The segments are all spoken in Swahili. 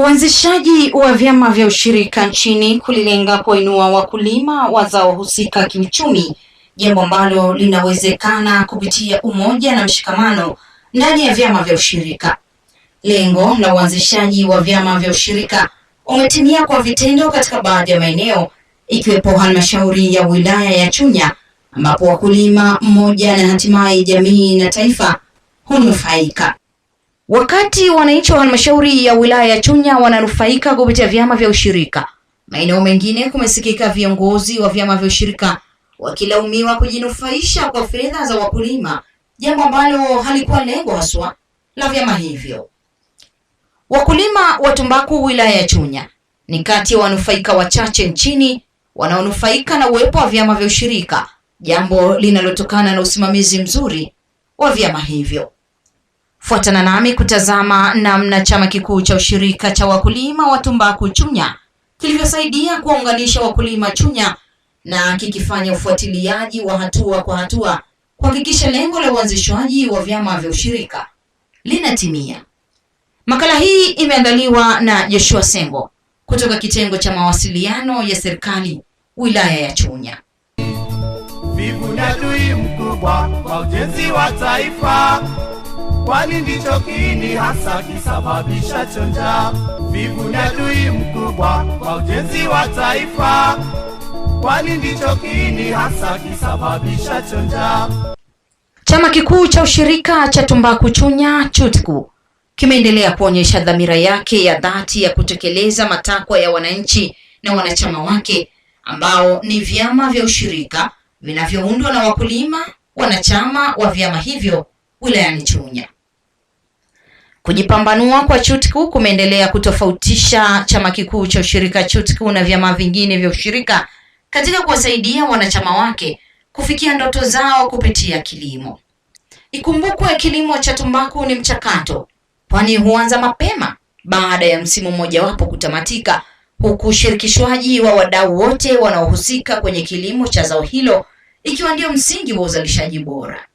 Uanzishaji wa vyama vya ushirika nchini kulilenga kuwainua wakulima wa zao husika kiuchumi, jambo ambalo linawezekana kupitia umoja na mshikamano ndani ya vyama vya ushirika. Lengo la uanzishaji wa vyama vya ushirika umetimia kwa vitendo katika baadhi ya maeneo ikiwepo halmashauri ya wilaya ya Chunya ambapo wakulima mmoja na hatimaye jamii na taifa hunufaika. Wakati wananchi wa halmashauri ya wilaya ya Chunya wananufaika kupitia vyama vya ushirika, maeneo mengine kumesikika viongozi wa vyama vya ushirika wakilaumiwa kujinufaisha kwa fedha za wakulima, jambo ambalo halikuwa lengo haswa la vyama hivyo. Wakulima wa tumbaku wilaya ya Chunya ni kati ya wanufaika wachache nchini wanaonufaika na uwepo wa vyama vya ushirika, jambo linalotokana na usimamizi mzuri wa vyama hivyo. Fuatana nami kutazama namna chama kikuu cha ushirika cha wakulima wa tumbaku Chunya kilivyosaidia kuwaunganisha wakulima Chunya na kikifanya ufuatiliaji wa hatua kwa hatua kuhakikisha lengo la uanzishwaji wa vyama vya ushirika linatimia. Makala hii imeandaliwa na Joshua Sengo kutoka kitengo cha mawasiliano ya serikali wilaya ya Chunya. Vivu ni adui mkubwa kwa ujenzi wa taifa kwani ndicho kini hasa kisababisha chonja vivu ni adui mkubwa kwa ujenzi wa taifa, kwani ndicho kini hasa kisababisha chonja. Chama kikuu cha ushirika cha tumbaku Chunya chutku kimeendelea kuonyesha dhamira yake ya dhati ya kutekeleza matakwa ya wananchi na wanachama wake ambao ni vyama vya ushirika vinavyoundwa na wakulima, wanachama wa vyama hivyo wilayani Chunya. Kujipambanua kwa chutiku kumeendelea kutofautisha chama kikuu cha ushirika chutiku na vyama vingine vya ushirika katika kuwasaidia wanachama wake kufikia ndoto zao kupitia kilimo. Ikumbukwe kilimo cha tumbaku ni mchakato, kwani huanza mapema baada ya msimu mmojawapo kutamatika, huku ushirikishwaji wa wadau wote wanaohusika kwenye kilimo cha zao hilo ikiwa ndio msingi wa uzalishaji bora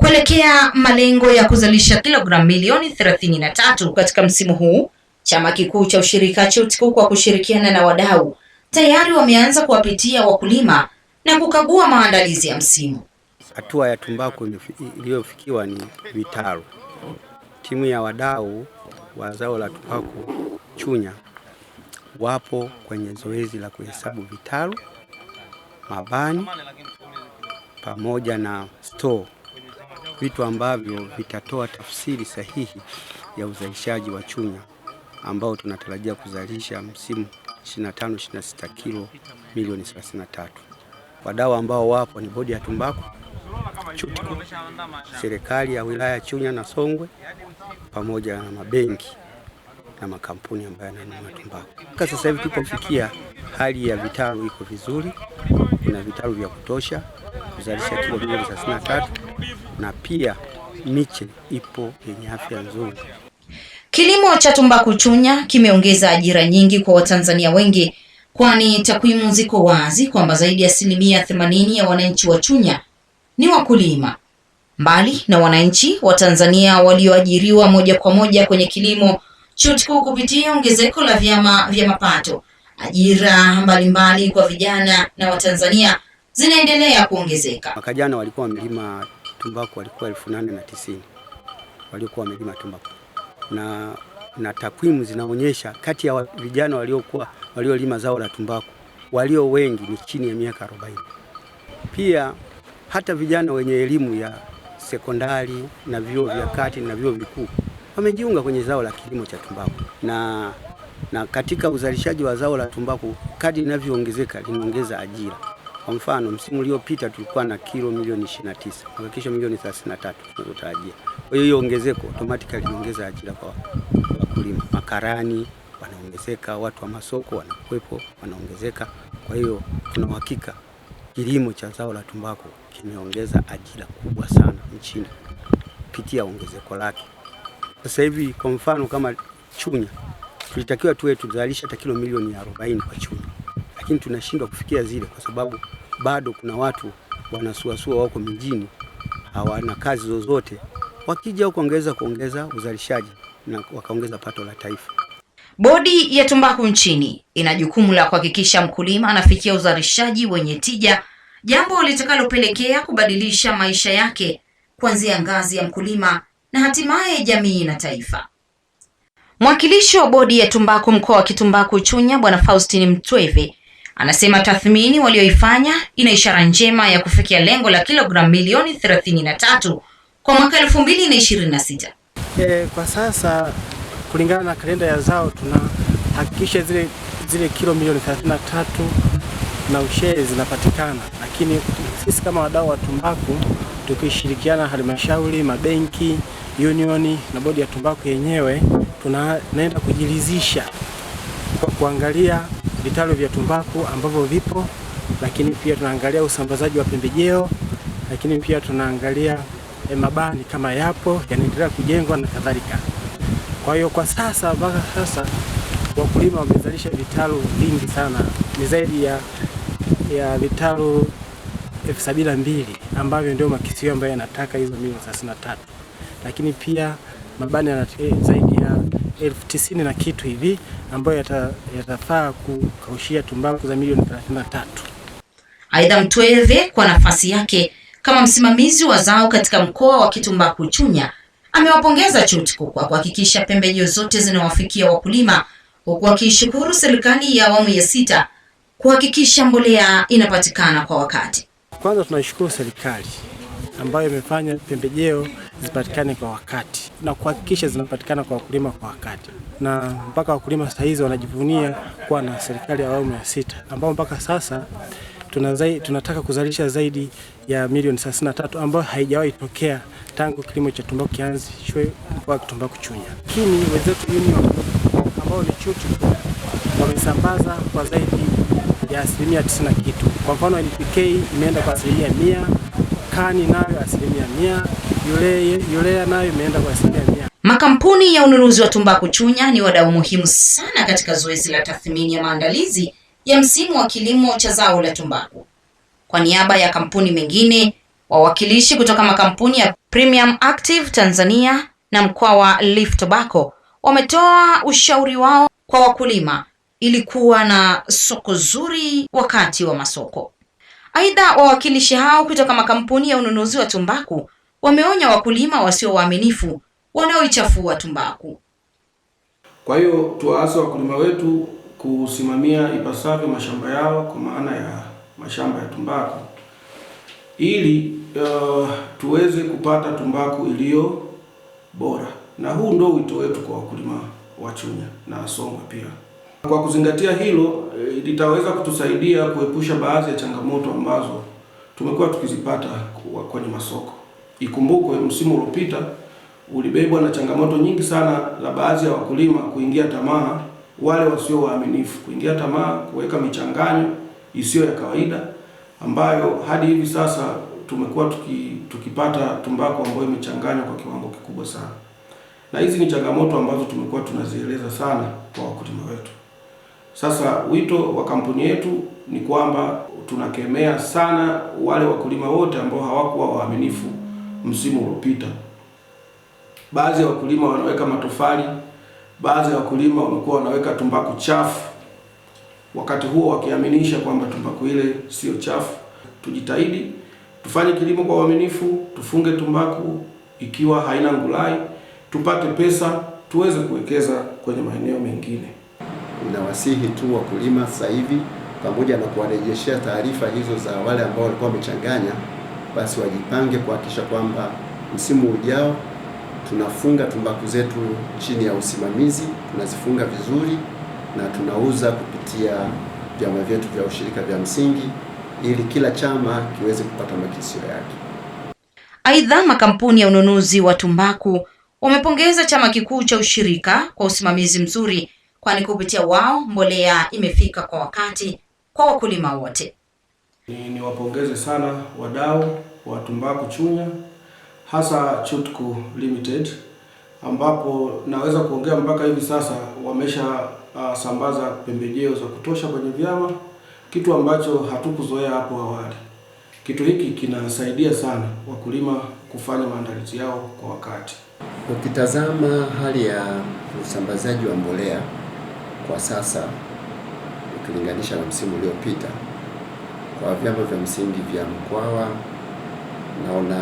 kuelekea malengo ya kuzalisha kilogramu milioni 33 katika msimu huu. Chama kikuu cha ushirika CHUTKU kwa kushirikiana na wadau tayari wameanza kuwapitia wakulima na kukagua maandalizi ya msimu. Hatua ya tumbaku iliyofikiwa ni vitalu. Timu ya wadau wa zao la tumbaku Chunya wapo kwenye zoezi la kuhesabu vitalu, mabani pamoja na store vitu ambavyo vitatoa tafsiri sahihi ya uzalishaji wa chunya ambao tunatarajia kuzalisha msimu 25 26 kilo milioni 33. Wadau ambao wapo ni bodi ya tumbaku CHUTCO, serikali ya wilaya Chunya na Songwe, pamoja na mabenki na makampuni ambayo yananunua tumbaku. Kwa sasa hivi tupofikia, hali ya vitalu iko vizuri, kuna vitalu vya kutosha kuzalisha kilo milioni 33 na pia miche ipo yenye afya nzuri. Kilimo cha tumbaku chunya kimeongeza ajira nyingi kwa Watanzania wengi, kwani takwimu ziko wazi kwamba zaidi ya asilimia themanini ya wananchi wa Chunya ni wakulima. Mbali na wananchi wa Tanzania walioajiriwa moja kwa moja kwenye kilimo, CHUTCU kupitia ongezeko la vyama vya mapato, ajira mbalimbali kwa vijana na Watanzania zinaendelea kuongezeka. Mwaka jana walikuwa wamelima tumbaku walikuwa elfu nane na tisini waliokuwa wamelima tumbaku na, na takwimu zinaonyesha kati ya vijana waliokuwa waliolima zao la tumbaku walio wengi ni chini ya miaka 40. Pia hata vijana wenye elimu ya sekondari na vyuo vya kati na vyuo vikuu wamejiunga kwenye zao la kilimo cha tumbaku na, na katika uzalishaji wa zao la tumbaku kadi linavyoongezeka linaongeza ajira. Kwa mfano msimu uliopita tulikuwa na kilo milioni 29, mwaka kesho milioni 33 tunazotarajia. Kwa hiyo hiyo ongezeko automatically inaongeza ajira kwa wakulima, makarani wanaongezeka, watu wa masoko wanakuwepo wanaongezeka. Kwa hiyo tuna uhakika kilimo cha zao la tumbaku kimeongeza ajira kubwa sana nchini kupitia ongezeko lake. Sasa hivi kwa mfano kama Chunya tulitakiwa tuwe tuzalisha hata kilo milioni 40 kwa Chunya lakini tunashindwa kufikia zile kwa sababu bado kuna watu wanasuasua wako mijini hawana kazi zozote, wakija huko wangeweza kuongeza uzalishaji na wakaongeza pato la taifa. Bodi ya tumbaku nchini ina jukumu la kuhakikisha mkulima anafikia uzalishaji wenye tija, jambo litakalopelekea kubadilisha maisha yake kuanzia ngazi ya mkulima na hatimaye jamii na taifa. Mwakilishi wa bodi ya tumbaku mkoa wa Kitumbaku Chunya, Bwana Faustini Mtweve Anasema tathmini walioifanya ina ishara njema ya kufikia lengo la kilogramu milioni 33 kwa mwaka 2026. Eh, kwa sasa kulingana na kalenda ya zao tunahakikisha zile, zile kilo milioni 33 na ushee zinapatikana, lakini sisi kama wadau wa tumbaku tukishirikiana halmashauri, mabenki, unioni na bodi ya tumbaku yenyewe tunaenda kujiridhisha kwa kuangalia vitalu vya tumbaku ambavyo vipo, lakini pia tunaangalia usambazaji wa pembejeo, lakini pia tunaangalia e, mabani kama yapo yanaendelea kujengwa na kadhalika. Kwa hiyo kwa sasa mpaka sasa wakulima wamezalisha vitalu vingi sana, ni zaidi ya, ya vitalu elfu sabini na mbili ambavyo ndio makisio ambayo yanataka hizo milioni tatu, lakini pia mabani yana eh, zaidi ya elfu tisini na kitu hivi ambayo yatafaa yata kukaushia tumbaku za milioni 33. Aidha, Mtweve kwa nafasi yake kama msimamizi wa zao katika mkoa wa kitumbaku Chunya amewapongeza CHUTCO kwa kuhakikisha pembejeo zote zinawafikia wakulima, huku akiishukuru serikali ya awamu ya sita kuhakikisha mbolea inapatikana kwa wakati. Kwanza tunaishukuru serikali ambayo imefanya pembejeo zipatikane kwa wakati na kuhakikisha zinapatikana kwa wakulima kwa wakati, na mpaka wakulima sasa hizi wanajivunia kuwa na serikali ya awamu ya sita ambao mpaka sasa tunazai, tunataka kuzalisha zaidi ya milioni 33 ambayo haijawahi tokea tangu kilimo cha tumbaku kianzishwe kwa tumbaku Chunya. Lakini wenzetu union ambao ni chuchu wamesambaza kwa zaidi ya asilimia tisini na kitu. Kwa mfano NPK imeenda kwa asilimia mia, kani nayo asilimia mia yule yule nayo imeenda kwa asilimia Makampuni ya ununuzi wa tumbaku Chunya ni wadau muhimu sana katika zoezi la tathmini ya maandalizi ya msimu wa kilimo cha zao la tumbaku. Kwa niaba ya kampuni mengine, wawakilishi kutoka makampuni ya Premium Active Tanzania na Mkwawa Leaf Tobacco wametoa ushauri wao kwa wakulima ili kuwa na soko zuri wakati wa masoko. Aidha, wawakilishi hao kutoka makampuni ya ununuzi wa tumbaku wameonya wakulima wasio waaminifu wanaoichafua tumbaku. Kwa hiyo tuwaasa wakulima wetu kusimamia ipasavyo mashamba yao kwa maana ya mashamba ya tumbaku ili uh, tuweze kupata tumbaku iliyo bora, na huu ndio wito wetu kwa wakulima wa Chunya na Songwe pia. Kwa kuzingatia hilo, eh, litaweza kutusaidia kuepusha baadhi ya changamoto ambazo tumekuwa tukizipata kwenye masoko. Ikumbukwe msimu uliopita ulibebwa na changamoto nyingi sana za baadhi ya wakulima kuingia tamaa, wale wasio waaminifu kuingia tamaa, kuweka michanganyo isiyo ya kawaida ambayo hadi hivi sasa tumekuwa tuki, tukipata tumbako ambayo imechanganywa kwa kiwango kikubwa sana, na hizi ni changamoto ambazo tumekuwa tunazieleza sana kwa wakulima wetu. Sasa wito wa kampuni yetu ni kwamba tunakemea sana wale wakulima wote ambao hawakuwa waaminifu msimu uliopita. Baadhi ya wakulima wanaweka matofali, baadhi ya wakulima wamekuwa wanaweka tumbaku chafu, wakati huo wakiaminisha kwamba tumbaku ile sio chafu. Tujitahidi tufanye kilimo kwa uaminifu, tufunge tumbaku ikiwa haina ngulai, tupate pesa tuweze kuwekeza kwenye maeneo mengine. Ninawasihi tu wakulima sasa hivi, pamoja na kuwarejeshea taarifa hizo za wale ambao walikuwa wamechanganya basi wajipange kuhakikisha kwamba msimu ujao tunafunga tumbaku zetu chini ya usimamizi, tunazifunga vizuri na tunauza kupitia vyama vyetu vya ushirika vya msingi ili kila chama kiweze kupata makisio yake. Aidha, makampuni ya ununuzi wa tumbaku wamepongeza chama kikuu cha ushirika kwa usimamizi mzuri, kwani kupitia wao mbolea imefika kwa wakati kwa wakulima wote. Niwapongeze sana wadau wa tumbaku Chunya, hasa Chutku Limited ambapo naweza kuongea mpaka hivi sasa wamesha uh, sambaza pembejeo za kutosha kwenye vyama, kitu ambacho hatukuzoea hapo awali. Kitu hiki kinasaidia sana wakulima kufanya maandalizi yao kwa wakati. Ukitazama hali ya usambazaji wa mbolea kwa sasa ukilinganisha na msimu uliopita kwa vyama vya msingi vya Mkwawa naona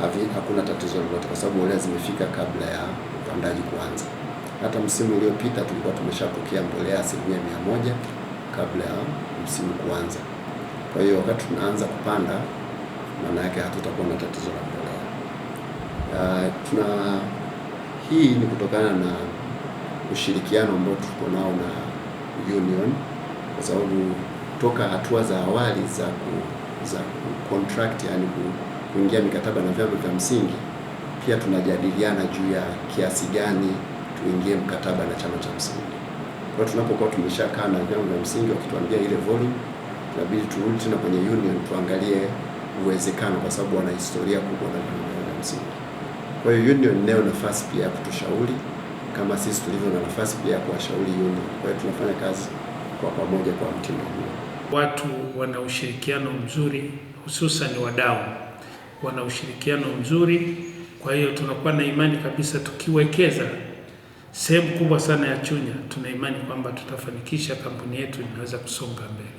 havi, hakuna tatizo lolote kwa sababu mbolea zimefika kabla ya upandaji kuanza. Hata msimu uliopita tulikuwa tumeshapokea mbolea asilimia mia moja kabla ya msimu kuanza. Kwa hiyo wakati tunaanza kupanda, maana yake hatutakuwa na tatizo la mbolea. Uh, tuna hii ni kutokana na ushirikiano ambao tuko nao na union kwa sababu toka hatua za awali za ku, za ku contract yani ku, kuingia mikataba na vyama vya msingi, pia tunajadiliana juu ya kiasi gani tuingie mkataba na chama cha msingi. Kwa hiyo tunapokuwa tumeshakaa na vyama vya msingi wakituambia ile volume, tunabidi turudi tena kwenye union tuangalie uwezekano, kwa sababu wana historia kubwa na vyama vya msingi. Kwa hiyo union nayo nafasi pia ya kutushauri kama sisi tulivyo na nafasi pia ya kuwashauri union. Kwa hiyo tunafanya kazi kwa pamoja kwa mtindo huo watu wana ushirikiano mzuri, hususan wadau wana ushirikiano mzuri. Kwa hiyo tunakuwa na imani kabisa, tukiwekeza sehemu kubwa sana ya Chunya, tuna imani kwamba tutafanikisha kampuni yetu inaweza kusonga mbele.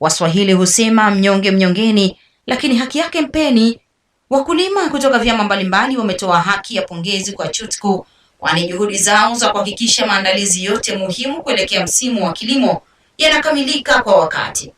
Waswahili husema mnyonge mnyongeni, lakini haki yake mpeni. Wakulima kutoka vyama mbalimbali wametoa haki ya pongezi kwa chutku kwani juhudi zao za kuhakikisha maandalizi yote muhimu kuelekea msimu wa kilimo yanakamilika kwa wakati.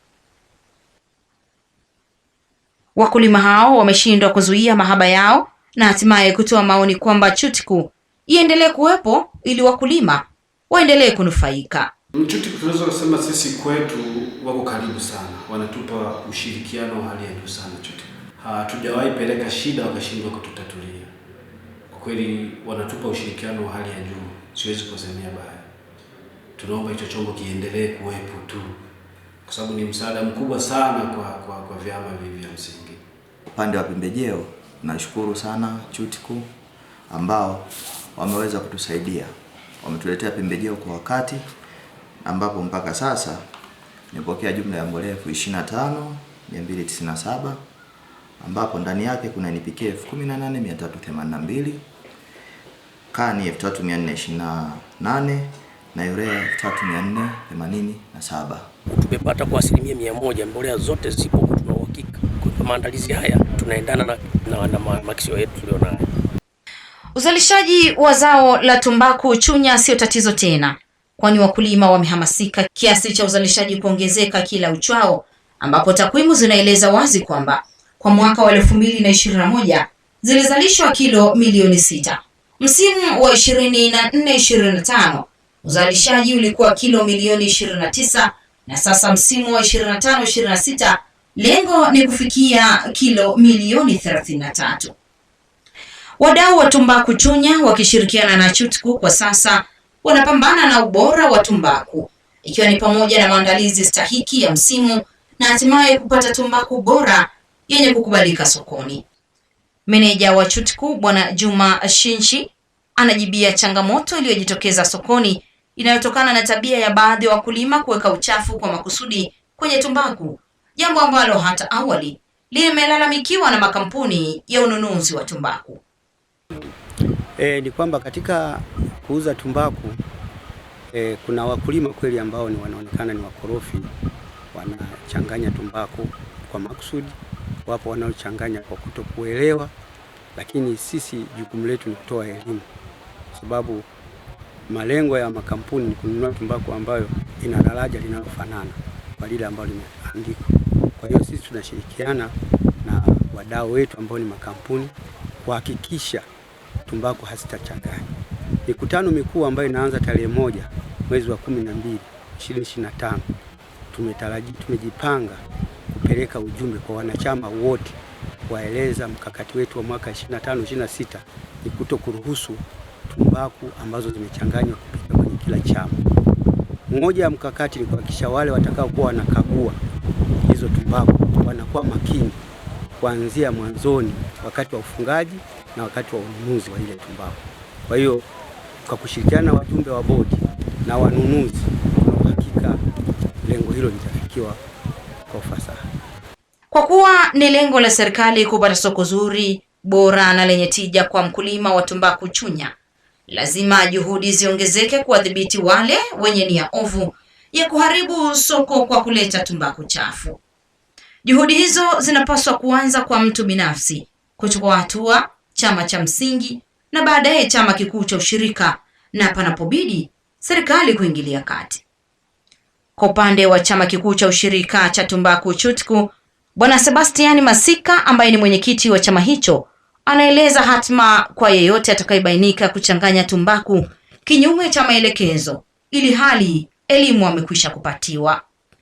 Wakulima hao wameshindwa kuzuia mahaba yao na hatimaye kutoa maoni kwamba chutiku iendelee kuwepo ili wakulima waendelee kunufaika. Mchutiku tunaweza kusema sisi kwetu wako karibu sana, wanatupa ushirikiano wa hali ya juu sana. Chutiku hatujawahi peleka shida wakashindwa kututatulia. Kwa kweli wanatupa ushirikiano wa hali ya juu, siwezi kusemea baya tunaomba hicho chombo kiendelee kuwepo tu, kwa sababu ni msaada mkubwa sana kwa, kwa, kwa vyama hivi vya msingi. Upande wa pembejeo nashukuru sana Chutiku ambao wameweza kutusaidia, wametuletea pembejeo kwa wakati, ambapo mpaka sasa nimepokea jumla ya mbolea elfu ishirini na tano mia mbili tisini na saba ambapo ndani yake kuna NPK 18382 kani 3428 na urea 3487. Tumepata kwa asilimia mia moja mbolea zote zipo, tuna uhakika kwa maandalizi haya tunaendana na, na, na makisio yetu tulionayo. Uzalishaji wa zao la tumbaku Chunya sio tatizo tena, kwani wakulima wamehamasika kiasi cha uzalishaji kuongezeka kila uchwao, ambapo takwimu zinaeleza wazi kwamba kwa mwaka wa elfu mbili na ishirini na moja zilizalishwa kilo milioni sita. Msimu wa ishirini na nne ishirini na tano Uzalishaji ulikuwa kilo milioni 29 na sasa msimu wa 25 26 lengo ni kufikia kilo milioni 33. Wadau wa tumbaku Chunya wakishirikiana na Chutku kwa sasa wanapambana na ubora wa tumbaku ikiwa ni pamoja na maandalizi stahiki ya msimu na hatimaye kupata tumbaku bora yenye kukubalika sokoni. Meneja wa Chutku Bwana Juma Shinshi anajibia changamoto iliyojitokeza sokoni inayotokana na tabia ya baadhi ya wakulima kuweka uchafu kwa makusudi kwenye tumbaku, jambo ambalo hata awali limelalamikiwa na makampuni ya ununuzi wa tumbaku. E, ni kwamba katika kuuza tumbaku e, kuna wakulima kweli ambao ni wanaonekana ni wakorofi, wanachanganya tumbaku kwa makusudi, wapo wanaochanganya kwa kutokuelewa, lakini sisi jukumu letu ni kutoa elimu sababu malengo ya makampuni ni kununua tumbaku ambayo ina daraja linalofanana kwa lile ambalo limeandikwa. Kwa hiyo sisi tunashirikiana na wadau wetu ambao ni makampuni kuhakikisha tumbaku hazitachanganywa. Mikutano mikuu ambayo inaanza tarehe moja mwezi wa kumi na mbili 2025 tumetaraji tumejipanga kupeleka ujumbe kwa wanachama wote, kuwaeleza mkakati wetu wa mwaka 25 26 ni kuto kuruhusu tumbaku ambazo zimechanganywa kupita kwenye kila chama. Mmoja ya mkakati ni kuhakikisha wale watakaokuwa wanakagua hizo tumbaku wanakuwa makini kuanzia mwanzoni, wakati wa ufungaji na wakati wa ununuzi wa ile tumbaku. Kwa hiyo kwa kushirikiana na wajumbe wa bodi na wanunuzi, tuna uhakika lengo hilo litafikiwa kwa ufasaha. Kwa kuwa ni lengo la serikali kupata soko zuri, bora na lenye tija kwa mkulima wa tumbaku Chunya, lazima juhudi ziongezeke kuwadhibiti wale wenye nia ovu ya kuharibu soko kwa kuleta tumbaku chafu. Juhudi hizo zinapaswa kuanza kwa mtu binafsi, kuchukua hatua chama cha msingi, na baadaye chama kikuu cha ushirika, na panapobidi serikali kuingilia kati. Kwa upande wa chama kikuu cha ushirika cha tumbaku CHUTCU, Bwana Sebastiani Masika ambaye ni mwenyekiti wa chama hicho anaeleza hatma kwa yeyote atakayebainika kuchanganya tumbaku kinyume cha maelekezo, ili hali elimu amekwisha kupatiwa.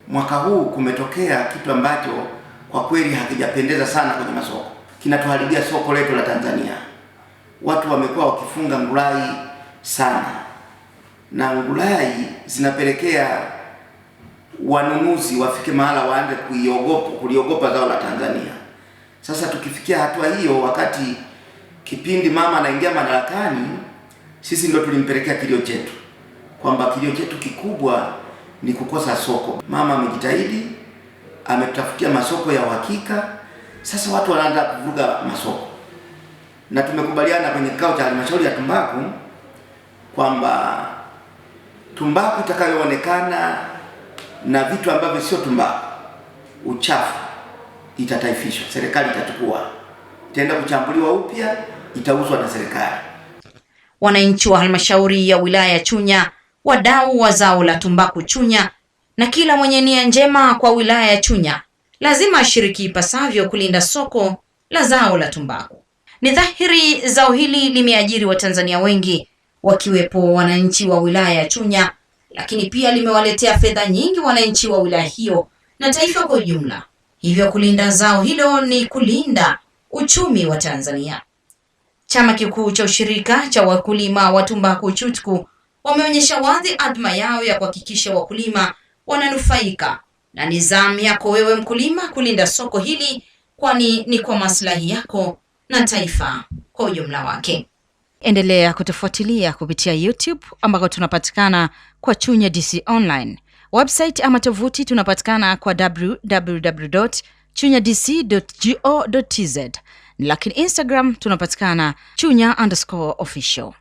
Mwaka huu kumetokea kitu ambacho kwa kweli hakijapendeza sana kwenye masoko, kinatuharibia soko letu la Tanzania. Watu wamekuwa wakifunga ngulai sana, na ngulai zinapelekea wanunuzi wafike mahala waanze kuiogopa kuliogopa zao la Tanzania. Sasa tukifikia hatua hiyo, wakati kipindi mama anaingia madarakani, sisi ndio tulimpelekea kilio chetu, kwamba kilio chetu kikubwa ni kukosa soko. Mama amejitahidi, ametafutia masoko ya uhakika. Sasa watu wanaanza kuvuruga masoko, na tumekubaliana kwenye kikao cha halmashauri ya tumbaku kwamba tumbaku itakayoonekana na vitu ambavyo sio tumbaku, uchafu itataifishwa, serikali itachukua, itaenda kuchambuliwa upya, itauzwa na serikali. Wananchi wa halmashauri ya wilaya ya Chunya, wadau wa zao la tumbaku Chunya, na kila mwenye nia njema kwa wilaya ya Chunya lazima ashiriki ipasavyo kulinda soko la zao la tumbaku. Ni dhahiri zao hili limeajiri Watanzania wengi wakiwepo wananchi wa wilaya ya Chunya, lakini pia limewaletea fedha nyingi wananchi wa wilaya hiyo na taifa kwa ujumla. Hivyo kulinda zao hilo ni kulinda uchumi wa Tanzania. Chama kikuu cha ushirika cha wakulima wa tumbaku CHUTCU wameonyesha wazi adhma yao ya kuhakikisha wakulima wananufaika na nidhamu yako wewe mkulima kulinda soko hili, kwani ni kwa maslahi yako na taifa kwa ujumla wake. Endelea kutufuatilia kupitia YouTube ambako tunapatikana kwa Chunya DC Online. Website ama tovuti tunapatikana kwa www chunya dc go tz, lakini Instagram tunapatikana chunya underscore official.